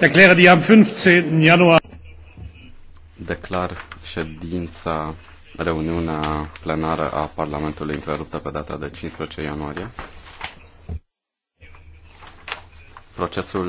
Declară die am 15. ianuar. Declar ședința, reuniunea plenară a Parlamentului întreruptă pe data de 15 ianuarie. Procesul